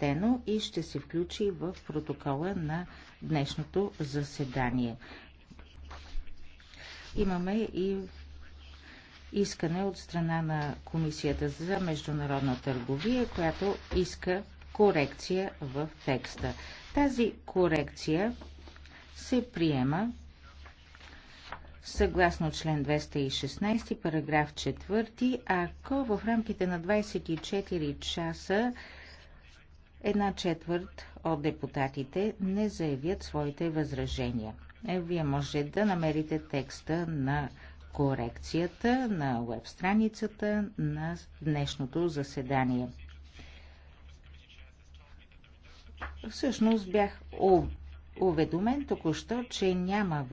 съкратено и ще се включи в протокола на днешното заседание. Имаме и искане от страна на Комисията за международна търговия, която иска корекция в текста. Тази корекция се приема съгласно член 216, параграф 4, ако в рамките на 24 часа една четвърт от депутатите не заявят своите възражения. Е, вие може да намерите текста на корекцията на веб страницата на днешното заседание. Всъщност бях уведомен току-що, че няма